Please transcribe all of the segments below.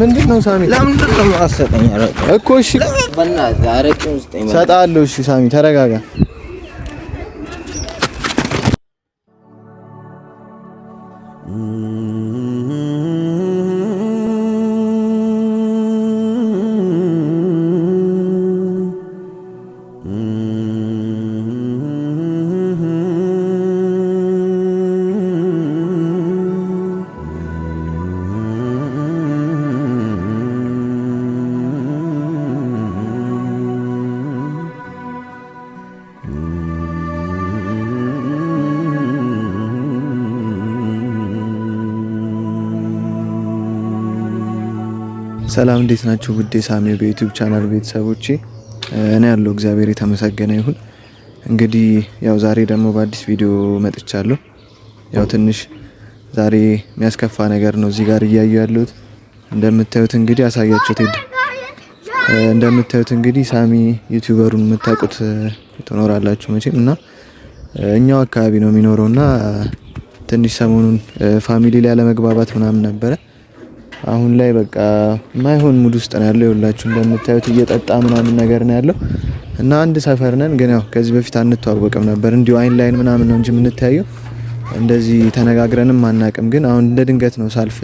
ምንድነው ሳሚ? ለምንድን ነው የማትሰጠኝ? እኮ እሺ፣ በእናትህ አረቄውን ሰጣለሁ። እሺ ሳሚ ተረጋጋ። ሰላም እንዴት ናችሁ? ውዴ ሳሚ በዩቲዩብ ቻናል ቤተሰቦቼ እኔ ያለው እግዚአብሔር የተመሰገነ ይሁን። እንግዲህ ያው ዛሬ ደግሞ በአዲስ ቪዲዮ መጥቻለሁ። ያው ትንሽ ዛሬ የሚያስከፋ ነገር ነው እዚህ ጋር እያዩ ያለሁት። እንደምታዩት እንግዲህ አሳያችሁት ሄድ እንደምታዩት እንግዲህ ሳሚ ዩቲዩበሩን የምታውቁት ትኖራላችሁ መቼም እና እኛው አካባቢ ነው የሚኖረው እና ትንሽ ሰሞኑን ፋሚሊ ላይ ያለመግባባት ምናምን ነበረ አሁን ላይ በቃ ማይሆን ሙድ ውስጥ ነው ያለው። ይኸውላችሁ እንደምታዩት እየጠጣ ምናምን ነገር ነው ያለው እና አንድ ሰፈር ነን፣ ግን ያው ከዚህ በፊት አንተዋወቅም ነበር። እንዲሁ አይን ላይን ምናምን ነው እንጂ የምንታየው እንደዚህ ተነጋግረንም አናቅም። ግን አሁን እንደ ድንገት ነው ሳልፍ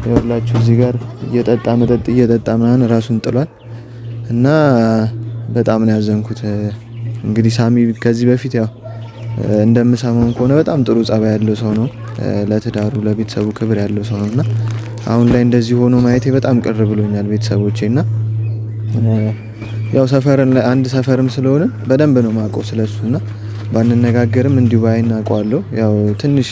ይኸውላችሁ እዚህ ጋር እየጠጣ መጠጥ እየጠጣ ምናምን ራሱን ጥሏል እና በጣም ነው ያዘንኩት። እንግዲህ ሳሚ ከዚህ በፊት ያው እንደምሰማውን ከሆነ በጣም ጥሩ ጸባይ ያለው ሰው ነው። ለትዳሩ ለቤተሰቡ ክብር ያለው ሰው ነውና አሁን ላይ እንደዚህ ሆኖ ማየቴ በጣም ቅር ብሎኛል ቤተሰቦቼ እና ያው ሰፈርን አንድ ሰፈርም ስለሆነ በደንብ ነው ማውቀው ስለሱ እና ባንነጋገርም እንዲሁ ባይን አውቀዋለሁ። ያው ትንሽ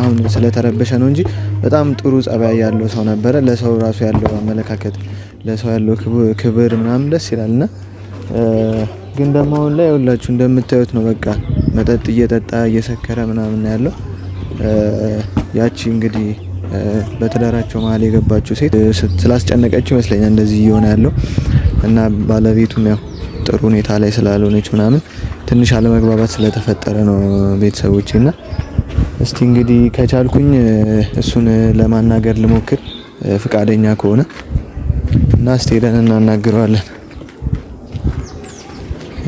አሁን ስለተረበሸ ነው እንጂ በጣም ጥሩ ጸባይ ያለው ሰው ነበረ። ለሰው ራሱ ያለው አመለካከት፣ ለሰው ያለው ክብር ምናምን ደስ ይላል እና ግን ደግሞ አሁን ላይ ሁላችሁ እንደምታዩት ነው። በቃ መጠጥ እየጠጣ እየሰከረ ምናምን ያለው ያቺ እንግዲህ በትዳራቸው መሀል የገባችው ሴት ስላስጨነቀችው ይመስለኛል እንደዚህ እየሆነ ያለው እና ባለቤቱም ያው ጥሩ ሁኔታ ላይ ስላልሆነች ምናምን ትንሽ አለመግባባት ስለተፈጠረ ነው ቤተሰቦች እና እስቲ እንግዲህ ከቻልኩኝ እሱን ለማናገር ልሞክር ፍቃደኛ ከሆነ እና እስቲ ሄደን እናናግረዋለን።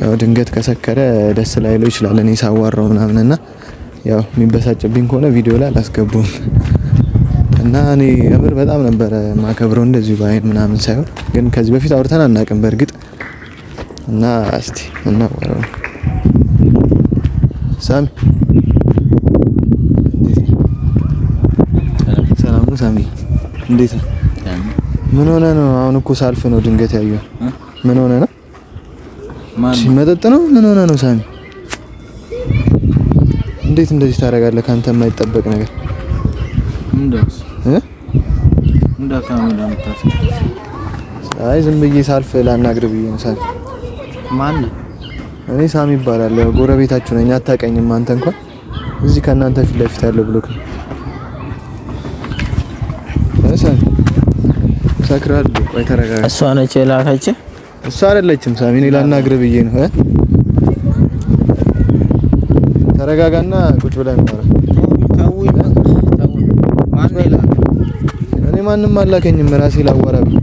ያው ድንገት ከሰከረ ደስ ላይለው ይችላል እኔ ሳዋራው ምናምን እና ያው የሚበሳጭብኝ ከሆነ ቪዲዮ ላይ አላስገቡም። እና እኔ የምር በጣም ነበረ ማከብረው እንደዚሁ በአይን ምናምን ሳይሆን ግን ከዚህ በፊት አውርተን አናውቅም በእርግጥ እና እስቲ እናወራው ሳሚ ሰላም ነው ሳሚ እንዴት ነው ምን ሆነ ነው አሁን እኮ ሳልፍ ነው ድንገት ያየው ምን ሆነ ነው መጠጥ ነው ምን ሆነ ነው ሳሚ እንዴት እንደዚህ ታደርጋለህ ከአንተ የማይጠበቅ ነገር አይ ዝም ብዬ ሳልፍ ላናግር ብዬ ነው። ሳሚ ማን? እኔ ሳሚ ይባላል። ጎረቤታችሁ ነኝ። አታውቀኝም አንተ እንኳን እዚህ ከእናንተ ፊት ለፊት ያለው ብሎክ ነው። ሳሚ ሰክራል። ቆይ ተረጋጋ። እሷ ነች የላከችህ? እሷ አይደለችም ሳሚ። እኔ ላናግር ብዬ ነው። ተረጋጋና ቁጭ ብለን ነው። ታውይ ታውይ ማን ነው እኔ ማንም አላከኝም። ራሴ ላወራ ብዬ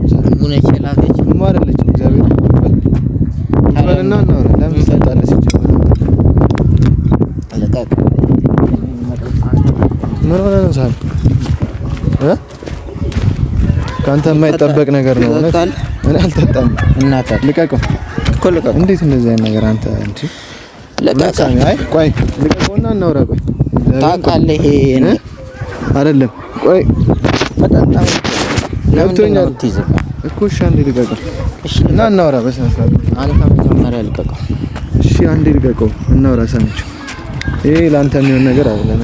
እግዚአብሔር ነው ለምን ሰጣለች ይችላል ምን ነው ሳል እ ካንተ የማይጠበቅ ነገር ነው። እውነት እኔ አልጠጣም። እናታ ልቀቀው እኮ ልቀቀው። እንዴት እንደዚህ አይነት ነገር አንተ እንጂ ለቀቀው። አይ ቆይ ልቀቀውና እናውራ። ቆይ ታውቃለህ፣ ይሄ አይደለም። ቆይ ገብቶኛል እኮ እሺ፣ አንዴ ልቀቀው እና እናውራ በስነ ይሄ ለአንተ የሚሆን ነገር አይደለም።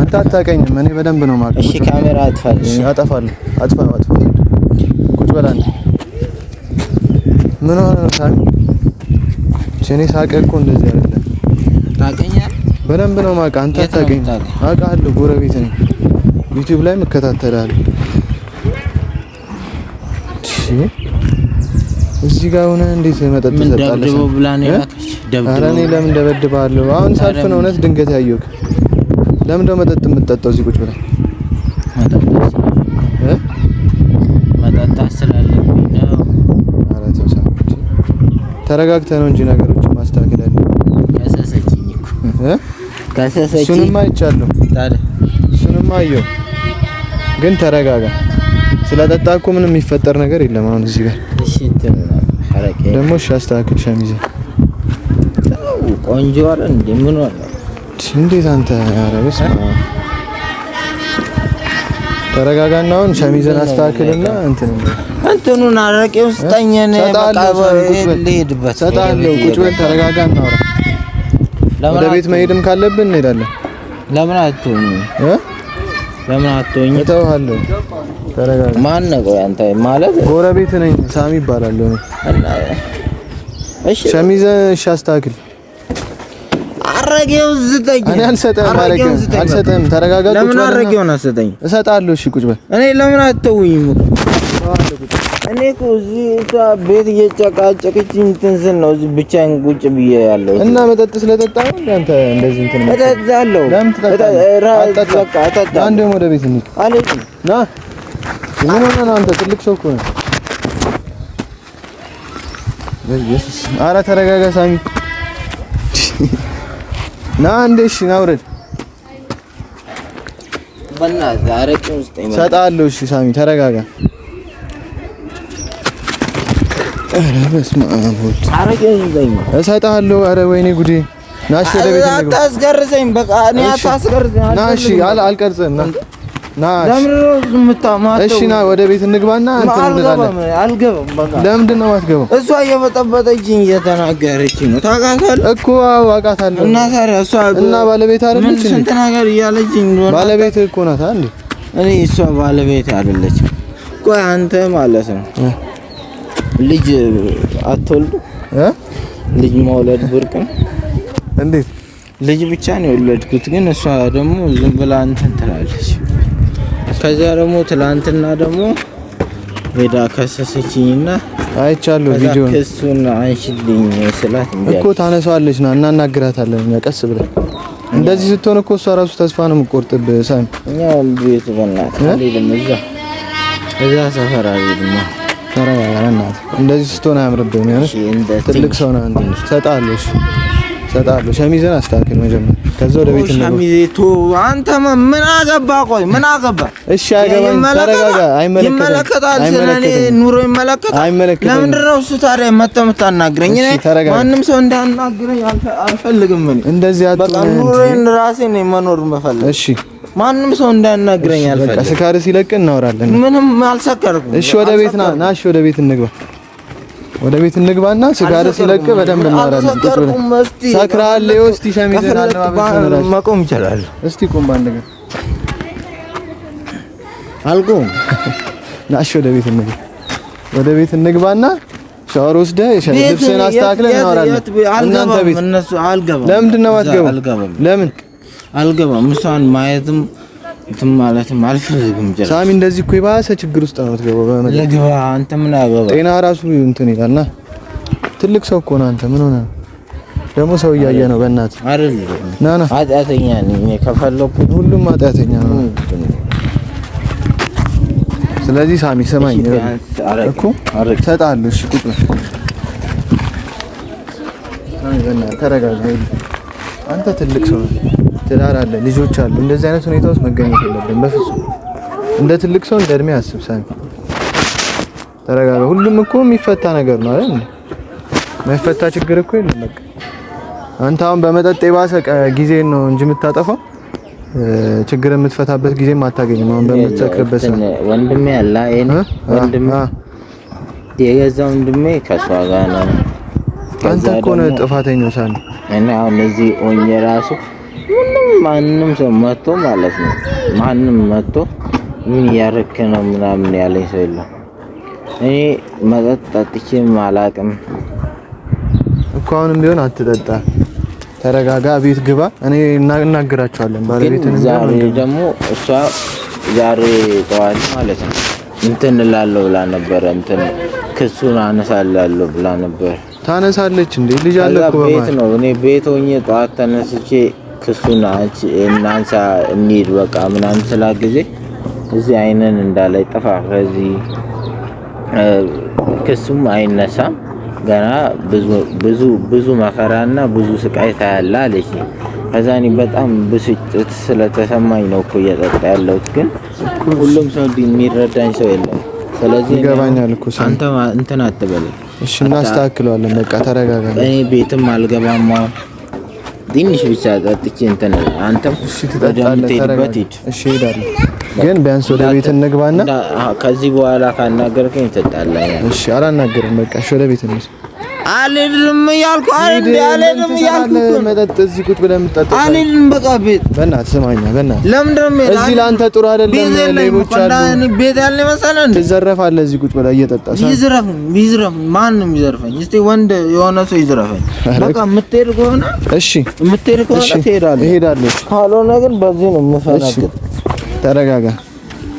አንተ አታውቀኝም፣ እኔ በደንብ ነው የማውቀው። እሺ፣ ካሜራ አጥፋለሁ፣ አጠፋለሁ፣ አጥፋው፣ ቁጭ በል አንተ። ምን ሆነ ነው ሳሚ? እኔ ሳቀህ እኮ እንደዚህ ታውቀኛለህ? በደንብ ነው የማውቅህ። አንተ አታውቅኝም? አውቃለሁ፣ ጎረቤት ነኝ። ዩቲዩብ ላይ እከታተልሃለሁ። እዚህ ጋር ሆነ እንዴት መጠጥ ትሰጣለህ? እኔ ለምን ደበድብሃለሁ? አሁን ሳልፍ ነው እውነት ድንገት ያየሁህ። ለምን ነው መጠጥ የምትጠጣው እዚህ ቁጭ ብለህ? መጠጣት ስላለብኝ ነው። ተረጋግተህ ነው እንጂ ነገር እሱንማ አይቻለሁ። ታዲያ እሱንማ አየሁ። ግን ተረጋጋ። ስለጠጣ እኮ ምንም የሚፈጠር ነገር የለም። አሁን እዚህ ጋር እሺ፣ ደግሞ እሺ፣ አስተካክል ሸሚዝ። ቆንጆ አለ እንዴ? ምን ሆነ? እንዴት አንተ ተረጋጋና አሁን ሸሚዝን አስተካክልና እንትን እንትኑን አረቄውን ስጠኝን። በቃ ልሄድበት ሰጣለሁ። ቁጭ በል ተረጋጋና አውራ ወደ ቤት መሄድም ካለብን እንሄዳለን። ለምን አትሆኝ እ ለምን አትሆኝ እተውሃለሁ። ተረጋጋ። ማን ነው ቆይ አንተ? ማለት ጎረቤት ነኝ። ሳሚ ይባላል ነው። እሺ ሸሚዝ እሺ፣ አስተካክል። አረጌው ዝጠኝ። እኔ አልሰጠህም። አረጌው አልሰጠህም። ተረጋጋ። ለምን አረጌውን አልሰጠኝ? እሰጣለሁ። እሺ ቁጭ በል። እኔ ለምን አትተውኝም? እኔ እኮ እዚህ ቤት እየጨቃጨቀችኝ እንትን ስል ነው እዚህ ብቻዬን ቁጭ ብዬ ያለው እና መጠጥ ስለጠጣ ነው አንተ እንደዚህ እንትን እጠጣለሁ። ወደ ቤት እንሂድ። ና ምን ሆነህ ነው አንተ? ትልቅ ሰው እኮ ነህ። በኢየሱስ ኧረ ተረጋጋ ሳሚ። ና እንዴ! እሺ ና ውረድ። በእናትህ አረቄ ውስጥ እሰጥሀለሁ። እሺ ሳሚ ተረጋጋ። ኧረ በስመ አብ ወልድ እሰጥሀለሁ። ኧረ ወይኔ ጉዴ ናሽ ወደ ቤት አታስገርዘኝ። በቃ እኔ አታስገርዘኝ። ናሽ አል አልቀርጽም። ናሽ እሺ፣ ና ወደ ቤት እንግባና እንትን እንላለን። አልገባም። በቃ ለምንድን ነው የማትገባው? እሷ እየበጠበጠችኝ እየተናገረችኝ ነው። ታውቃታለህ እኮ። አዎ አውቃታለሁ። እና ታዲያ እሷ እና ባለቤት አይደለች ስንት ነገር እያለችኝ ነው። ባለቤት እኮ ናት እኔ እሷ ባለቤት አይደለችም። ቆይ አንተ ማለት ነው ልጅ አትወልዱ? ልጅ መውለድ ብርቅ ነው? እንዴት? ልጅ ብቻ ነው የወለድኩት፣ ግን እሷ ደግሞ ዝም ብላ እንትን ትላለች። ከዛ ደግሞ ትላንትና ደግሞ ሄዳ ከሰሰችኝና አይቻለሁ። ቪዲዮ እሱን አንሽልኝ ስላት እኮ ታነሳዋለች። ና እናናግራታለን እኛ ቀስ ብለን። እንደዚህ ስትሆን እኮ እሷ ራሱ ተስፋ ነው የምትቆርጥብህ። ሳይም እኛ ቤት በእናትህ እዛ ሰፈር አልሄድም በእናትህ እንደዚህ ስትሆን አያምርብህም። ትልቅ ሰው ነህ አንተ። እሰጥሃለሁ እሰጥሃለሁ። አስተካክል መጀመሪያ። ከዛ ወደ ቤት አንተ ምን አገባ? ቆይ ምን አገባ? እሺ አይገባም። ተረጋጋ። ይመለከታል፣ ስለ ኑሮ ይመለከታል። ለምንድን ነው እሱ ታዲያ መተህ የምታናግረኝ? ማንም ሰው እንዳናግረኝ አልፈልግም። እንደዚህ አትሆን። ኑሮዬን ራሴ ነው መኖር የምፈልግ። እሺ ማንም ሰው እንዳያናግረኝ አልፈልግም። ስካር ሲለቅ እናወራለን። ምንም አልሰከርኩም። እሺ፣ ወደ ቤት ና ና። እሺ፣ ወደ ቤት እንግባ። ወደ ቤት እንግባና ስካር ሲለቅ በደንብ እናወራለን። ሰክራል። እስቲ ሸሚዝን አለባበስ መቆም ይችላል። እስቲ ቁም። ባንድ ነገር አልቆም። ና፣ እሺ፣ ወደ ቤት እንግባ። ወደ ቤት እንግባና ሻወር ወስደህ ልብስህን አስተካክለን እናወራለን። እናንተ ቤት ለምንድን ነው የማትገባው? ለምን አልገባም። እሷን ማየትም እንትን ማለትም አልፈልግም። ሳሚ እንደዚህ እኮ የባሰ ችግር ውስጥ ነው የምትገባው። ለግባ አንተ ምን አገባ? ጤና ራሱ እንትን ይላልና ትልቅ ሰው እኮ ነህ አንተ። ምን ሆነ ደግሞ ሰው እያየ ነው። በእናት አይደል ና ና፣ ኃጢአተኛ ነኝ ከፈለኩ፣ ሁሉም ኃጢአተኛ ነው። ስለዚህ ሳሚ ስማኝ እኮ እሰጥሃለሁ። እሺ ቁጭ በል ሳሚ፣ በእናትህ ተረጋጋ። አንተ ትልቅ ሰው ነህ። ትዳር አለ፣ ልጆች አሉ። እንደዚህ አይነት ሁኔታ ውስጥ መገኘት የለብን በፍጹም። እንደ ትልቅ ሰው እንደ እድሜ አስብ። ሳሚ ተረጋጋ። ሁሉም እኮ የሚፈታ ነገር ነው አይደል? የማይፈታ ችግር እኮ የለም። በቃ አንተ አሁን በመጠጥ የባሰ ጊዜ ነው እንጂ የምታጠፋው ችግር የምትፈታበት ጊዜ አታገኝም። አሁን በምትሰክርበት ሰዓት ወንድሜ አለ አይኔ ወንድሜ የገዛ ወንድሜ ከሷ ጋር ነው። አንተ እኮ ነው ጥፋተኛው ሳሚ። እና አሁን እዚህ ኦኜ ራሱ ምንም ማንም ሰው መጥቶ ማለት ነው ማንም መጥቶ ምን እያረክ ነው ምናምን ያለኝ ሰው የለም። እኔ መጠጥ ጠጥቼም አላቅም እኮ። አሁንም ቢሆን አትጠጣ፣ ተረጋጋ፣ ቤት ግባ። እኔ እናገራቸዋለን ባለቤትን። ዛሬ ደግሞ እሷ ዛሬ ጠዋት ማለት ነው እንትን እላለሁ ብላ ነበረ፣ እንትን ክሱን አነሳላለሁ ብላ ነበር። ታነሳለች እንዴ? ልጅ አለ እኮ ቤት ነው። እኔ ቤት ሆኜ ጠዋት ተነስቼ እሱን እናንሳ እንሂድ በቃ ምናምን ስላ ጊዜ እዚህ አይንን እንዳላይ ጥፋ ከዚህ ክሱም አይነሳም ገና ብዙ ብዙ መከራና ብዙ ስቃይ ታያለ አለች። ከዛ እኔ በጣም ብስጭት ስለተሰማኝ ነው እኮ እየጠጣ ያለሁት፣ ግን ሁሉም ሰው የሚረዳኝ ሰው የለም። ስለዚህ ይገባኛል እኮ አንተ እንትን አትበለኝ። እሺ እናስተካክለዋለን። በቃ ተረጋጋ። እኔ ቤትም አልገባም አሁን ትንሽ ብቻ ጠጥቼ እንትን አንተም ወደምትሄድበት ሂድ። እሺ እሄዳለሁ፣ ግን ቢያንስ ወደ ቤት እንግባና ከዚህ በኋላ ካናገርከኝ ትጣላለህ። እሺ አላናገርም። በቃ እሺ፣ ወደ ቤት እንሂድ። አልሄድም እያልኩ አልሄድም እያልኩ መጠጥ እዚህ ቁጭ ብለህ የምትጠጣው አልሄድም። በቃ ቤት በእናትህ ስማኝ፣ በእናትህ ለምንድን ነው እዚህ ለአንተ ጥሩ አይደለም። ሌቦች አሉ። ቤት ያለ መሰለህ እንደ ትዘረፋለህ። እዚህ ቁጭ ብለህ እየጠጣህ ይዝረፍ ይዝረፍ፣ ማንም ይዘርፈኝ። እስኪ ወንድ የሆነ ሰው ይዝረፈኝ። በቃ የምትሄድ ከሆነ እሺ፣ የምትሄድ ከሆነ ትሄዳለህ፣ እሄዳለሁ። ካልሆነ ግን በዚህ ነው የምፈናግጥ። ተረጋጋ።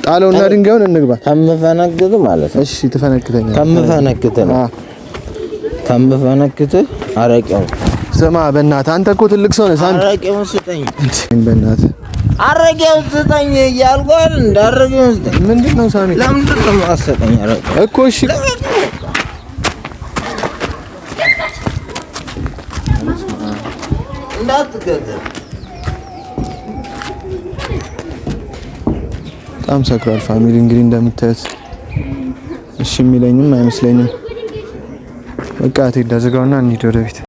ጣለውና ድንጋዩን እንግባ። ከምፈነግጥ ማለት ነው። እሺ፣ ትፈነግጠኛለህ። ከምፈነግጥ ነው ከምፈነክት አረቄው ስማ፣ በእናትህ አንተ እኮ ትልቅ ሰው ነህ። አረቄውን ስጠኝ፣ በእናትህ አረቄውን ስጠኝ እንደ አረቄውን ስጠኝ። ምንድን ነው ሳሚ? ለምንድን ነው የማትሰጠኝ እኮ? እሺ በጣም ሰክሯል ፋሚሊ። እንግዲህ እንደምታዩት እሺ የሚለኝም አይመስለኝም። እቃቴ እንዳዘጋውና እንሂድ ወደ ቤት።